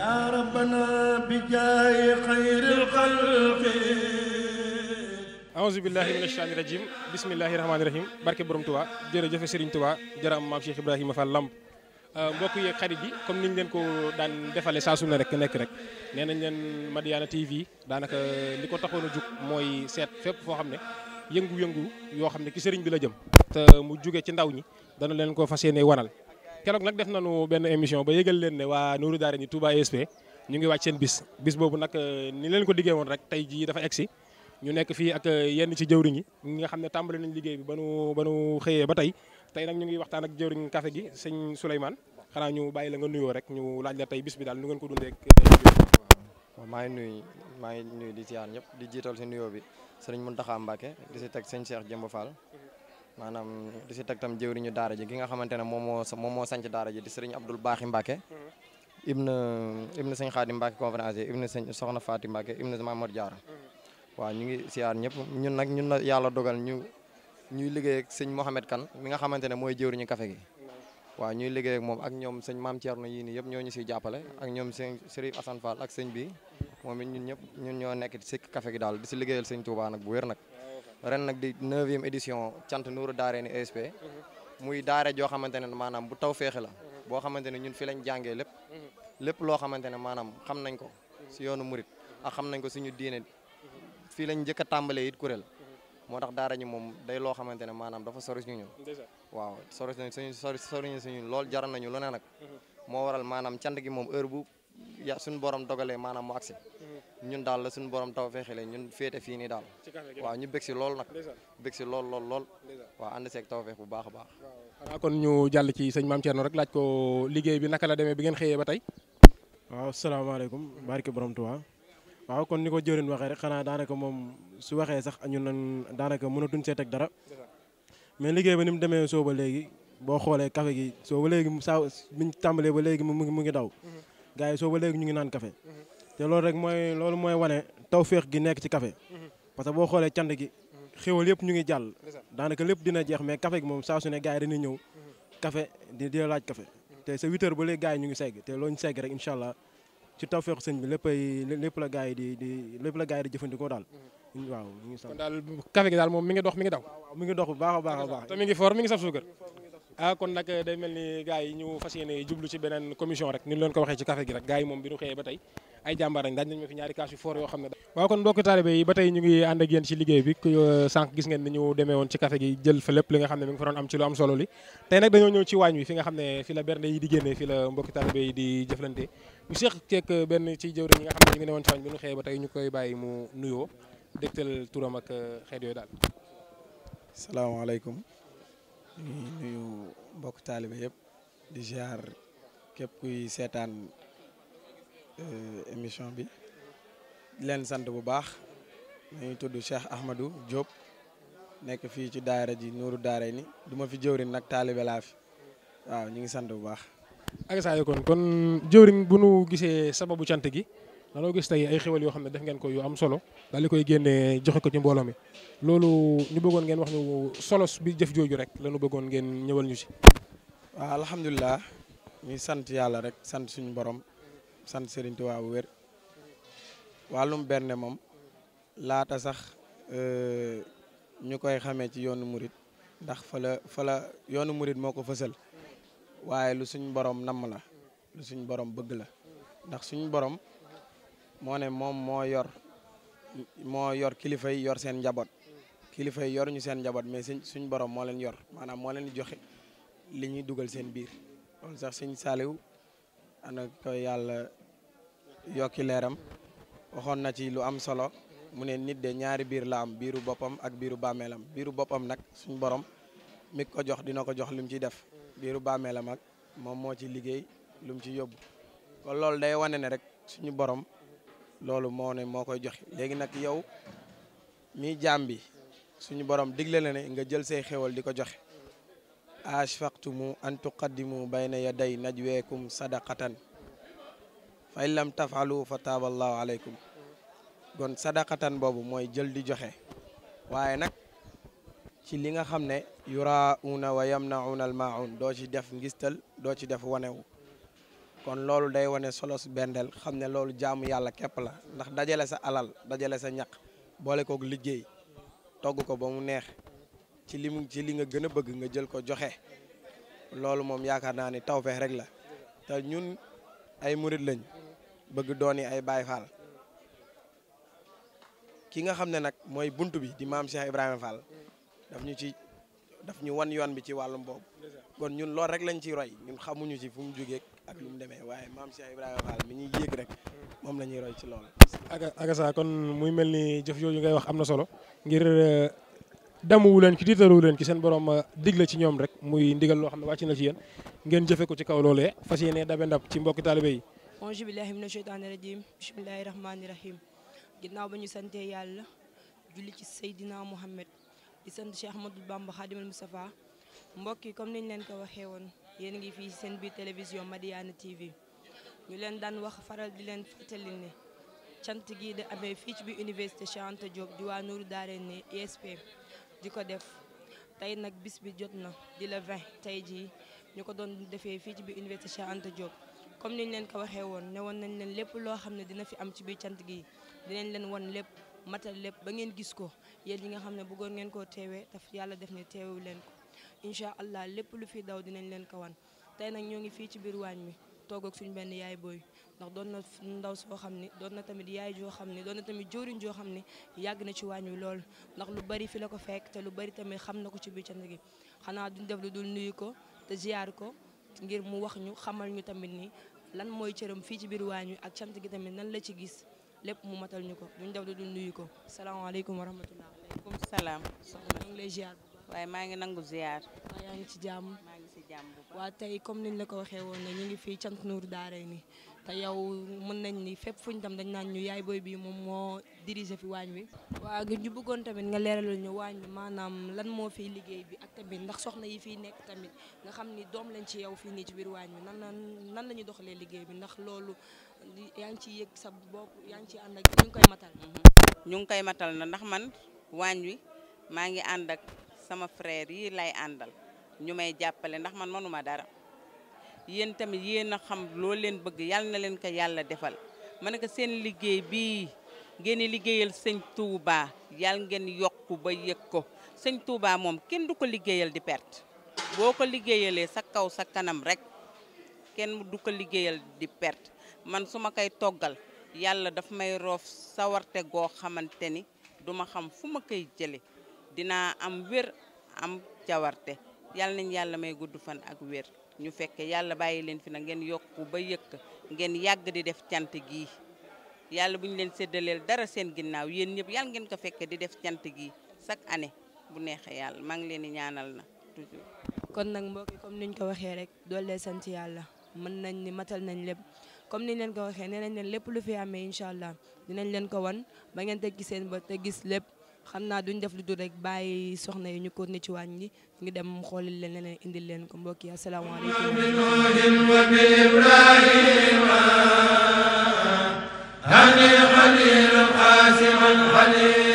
yaa rabbana bi jaay xayril xalqi aouzu billahi mina shaytaani rajim bismillahi rahmaani rahim barke borom Touba jërëjëf Serigne Touba jërë am maam Cheikh Ibrahima Fall Lamp mbokk yeeg xarit yi comme niñ leen ko daan defale saa su ne rek nekk rek nee nañ leen Madiyana TV daanaka li ko taxoon a jug mooy seet fépp foo xam ne yëngu-yëngu yoo xam ne ki sëriñ bi la jëm te mu jóge ci ndaw ñi dana leen ko fas yéene waral keroog nag def na nañu benn émission ba yëgal leen ne waa Nourou Daara ni Touba ESP ñu ngi wàcc seen bis bis boobu nag euh, ni leen ko diggee woon rek tey jii dafa egsi ñu nekk fii ak euh, yenn ci jëwriñ yi ñi nga xam ne tàmbali nañ liggéey bi ba nu xëyee ba tey tey nag ñu ngi waxtaan ak jëwriñ café gi sëñ Souleymane xanaa ñu bàyyi la nga nuyoo rek ñu laaj la tey bis bi daal nu ngeen ko dundee euh, waaw maa ngi nuyu maa ngi nuyu di siyaar ñëpp di jiital si nuyoo bi sëriñ Mountakha Mbacké di si teg sëñ Cheikh Jëmb Fall maanaam di si teg tam jëwriñu daara ji ki nga xamante ne moom moo moom moo sanc daara ji di sëriñ Abdul Baaxi Mbàkke mm-hmm. ibna ibna sëñ Xaadim Mbàkke conférencier ibna sëñ Soxna Faati Mbàkke ibna Maamor jaar waaw ñu ngi siyaar ñëpp ñun nag ñun la yàlla dogal ñu ñuy liggéey ak sëñ Mohamed Kan mi nga xamante ne mooy jëwriñu kafe gi waaw ñuy liggéey ak moom ak ñoom sëñ Maam Thierno yii nii yëpp ñoo ñu siy jàppale ak ñoom sëñ Sëriñ Asan Fall ak sëñ bi mm-hmm. moom it ñun ñëpp ñun ñoo nekk si kafe gi daal di si liggéeyal sëñ Tuubaa nag bu wér nag ren nag di neuvième édition cant Nuuru Daarayni ESP muy daare joo xamante ne maanaam bu taw féexe la boo xamante ne ñun fi lañ jàngee lépp lépp loo xamante ne maanaam xam nañ ko si yoonu murit ak xam nañ ko suñu diine fii lañ njëkk a tàmbalee it kuréel moo tax daara ñi moom day loo xamante ne maanaam dafa sori suñu ñun waaw sori suñu sori sori suñu lool jaral nañu lu ne nag moo waral maanaam cant gi moom heure bu ya suñu borom dogalee maanaam mu agsi mm-hmm. ñun daal la suñu borom taw feexele ñun féete fii nii daal waaw ñu bég lool nag bég si lool lool lool waaw ànd seeg taw feex bu baax a baax xanaa kon ñu jàll ci sañ Maam Thierno rek laaj ko liggéey bi naka la demee bi ngeen xëyee ba tey waaw salaamaaleykum barke borom Tuubaa waaw kon ni ko jërin waxee rek xanaa daanaka moom su waxee sax ñun nan daanaka mënatuñ see teg dara mais liggéey bi ni mu demee soo ba léegi boo xoolee café gi soo ba léegi saa biñ tàmbalee ba léegi mu ngi mu ngi daw mm-hmm. gars yi soo ba léegi ñu ngi naan café te loolu rek mooy loolu mooy wane tawféex gi nekk ci kafe parce que boo xoolee cant gi xéwal yëpp ñu ngi jàll daanaka lépp dina jeex mais café gi moom saa su ne gars yi dañuy ñëw café di di laaj café te sa 8 heures ba léegi gars ñu ngi segg te looñu segg rek incha allah ci tawféexu sëñ bi lépp la gars yi di di lépp la gars yi di jëfandikoo daal waaw daal café gi daal moom mi ngi dox mi ngi daw mi ngi dox bu baax baax baax te mi ngi fort ah kon nag day mel ni gars yi ñu fas yéene jublu ci beneen commission rek ni ñu leen ko waxee ci café gi rek gars yi moom bi ñu xëyee ba tey ay jàmbaar lañ daañ nañ ma fi ñaari kaas yu fort yoo xam ne waaw kon mbokk taalibe yi euh, demee woon ci café gi jël fa lépp li nga xam ne mi ngi fa doon am ne fi la bernde yi di génnee fi la mbokki taalibe yi di jëflante bu seex keek benn ci jëwriñ yi nga xam ne ñu ne woon ci waañ bi ñu xëyee ba tey ñu koy bàyyi mu nuyoo dégtal turam ak euh, xeet yooyu daal salaamaaleykum ñu nuyu mbokk taalibe yépp di ziar képp kuy seetaan euh, émission bi leen sant bu baax ñu tudd Cheikh Ahmadou Diop nekk fii ci daara ji Nuuru Daaray ni duma fi jëwrin nag taalibe laa fi waaw ñu ngi sant bu baax. ak saa kon kon jëwrin bu nu gisee sababu cant gi danoo gis tey ay xéwal yoo xam ne def ngeen ko yu am solo daal di koy génnee joxe ko ci mbooloo mi loolu ñu bëggoon ngeen wax ñu solos bi jëf jooju rek lañu bëggoon ngeen ñëwal ñu si waaw alhamdulilah ñuy sant yàlla rek sant suñu borom sant Serigne Touba bu wér moom laata sax euh, ñu koy xamee ci yoonu murit ndax fa la fa yoonu murit moo ko fësal waaye lu suñ borom namm la lu suñu borom bëgg la ndax suñu borom. moo ne moom moo yor moo yor kilifa yi yor seen njaboot kilifa yi ñu seen njaboot mais suñ suñ borom moo leen yor maanaam moo leen joxe li ñuy dugal seen biir loolu sax suñ saaliw ana ko yàlla yokki leeram waxoon na ci lu am solo mu ne nit de ñaari biir la am biiru boppam ak biiru bàmmeelam biiru boppam nag suñ borom mi ko jox dina ko jox lim ciy def biiru bàmmeelam ak moom moo ci liggéey lu ci yóbbu kon loolu day wane rek suñu borom loolu moo ne moo koy joxe léegi nag yow mi jaam bi suñu borom digle la ne nga jël say xéwal di ko joxe ashfaqtumu an tuqaddimu bayna yaday najweekum sadaqatan fa in lam tafalu fa taaballaahu aleykum kon sadaqatan boobu mooy jël di joxe waaye nag ci li nga xam ne yurauna wa yamnauna almaun doo ci def ngistal doo ci def wanewu kon loolu day wane solos bendel xamne ne jam jaamu yalla lah. la ndax dajale sa alal dajale sa ñak boole kook liggey togg ko ba mu neex ci li ci li nga gëna bëgg nga jël ko joxe loolu mom yaakaar naa ni tawfeex rek la ta ñun ay mourid lañ bëgg dooni ay baye fall ki nga xamne nak moy buntu bi di mam Cheikh ibrahim Fall daf ñu ci daf ñu wan yoon bi ci walum bob kon ñun lool rek lañ ci roy ñun xamuñu ci fu mu ak lu mu demee waaye maam Cheikh Ibrahima Fall mi ñuy yéeg rek moom la ñuy roy ci lool aga agasa kon muy mel ni jëf jooju ngay wax am na solo ngir euh, damuwu leen ci tiitaruwu leen ci seen borom euh, digle ci ñoom rek muy ndigal loo xam ne wàcc na ci yéen ngeen jëfe ko ci kaw loolee fas yéene dabe ndab ci mbokki taalibe yi. auzu billahi mina sheytaani rajim bismillahi rahmaani rahim ginnaaw ba ñu sante yàlla julli ci seydinaa Mohamed di sant Cheikh Ahmadou Bamba Khadimal Moustapha mbokk yi comme niñ leen ko waxee woon. yéen ngi fii seen biir télévision Madiyana TV ñu leen daan wax faral di leen fàttali ne cant gii de amee fii ci biir université Cheikh Anta Diop di waa Nourou Daarayni ISP e di ko def tey nag bis bi jot na di la 20 tey jii ñu ko doon defee fii ci bi université Cheikh Anta Diop comme niñ leen ko waxee woon ne woon nañ leen lépp loo xam ne dina fi am ci biir cant gi dinañ leen won lépp matal lépp ba ngeen gis ko yéen ñi nga xam ne bëggoon ngeen koo teewee daf yàlla def ne teewu leen ko incha allah lépp lu fi daw dinañ leen ko wan tey nag ñoo ngi fii ci biir waañ wi toog ak suñu benn yaay booy ndax doon na ndaw soo xam ni doon na tamit yaay joo xam ni doon na tamit jëwriñ joo xam ni yàgg na ci waañ wi lool ndax lu bari fi la ko fekk te lu bari tamit xam na ko ci biir cant gi xanaa duñ def lu dul nuyu ko te ziar ko ngir mu wax ñu xamal ñu tamit ni lan mooy cëram fii ci biir waañ wi ak cant gi tamit nan la ci gis lépp mu matal ñu ko duñ def lu dul nuyu ko salaamaaleykum wa rahmatullah. waaleykum salaam lay ziar. waaye maa ngi nangu ziar. waaw yaa ngi ci jàmm. maa ngi ci jàmm bu baax. waa tey comme la ko waxee woon ne ñu ngi fii cant Nour daaree ni te yow mën nañ ni fépp fuñ tam dañ naan ñu yaay booy bi moom moo diriger fi waañ wi. waa ñu bëggoon tamit nga leeralal ñu waañ bi maanaam moo fiy liggéey bi ak tamit ndax soxna yi fiy nekk tamit nga xam ni doom lañ ci yow fii nii ci biir waañ bi nan nan la ñuy doxalee liggéey bi ndax loolu yaa ngi ciy yëg sa bopp yaa ngi ciy ànd ak ñu mhm. ñu ngi koy matal na ndax man waañ wi maa ngi ànd ak sama frère yi lay àndal ñu may jàppale ndax man manuma dara yéen tamit yéen a xam loo leen bëgg yàlla na leen ko yàlla defal ma ne ko seen liggéey bii ngeen liggéeyal sëñ tuubaa yàlla ngeen yokk ba yëg ko sëñ Touba moom kenn du ko liggéeyal di perte boo ko liggéeyalee sa kaw sa kanam rek kenn du ko liggéeyal di perte man su ma koy toggal yàlla daf may roof sawarte goo xamante ni duma xam fu ma koy jële dinaa am wér am jawarte yàlla nañ yàlla may gudd fan ak wér ñu fekke yàlla bàyyi leen fi na ngeen yokk ba yëkk ngeen yàgg di def cant gi yàlla bu ñu leen séddaleel dara seen ginnaaw yéen ñëpp yàlla ngeen ko fekke di def cant gi chaque année bu neexee yàlla maa leen di ñaanal na toujours. kon nag mbokk yi comme ñu ko waxee rek doole sant yàlla mën nañ ni matal nañ lépp comme ni leen ko waxee nee nañ leen lépp lu fi amee incha allah dinañ leen ko wan ba ngeen teg giseen seen bët gis lépp. xam naa duñ def lu dul rek bàyyi soxna yi ñu ko ne ci wàññi ngi dem xoolil leen leneen indil leen ko mbokk yi asalaamaaleykum